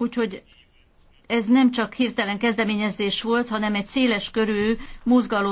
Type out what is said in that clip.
Úgyhogy ez nem csak hirtelen kezdeményezés volt, hanem egy széles körű mozgalom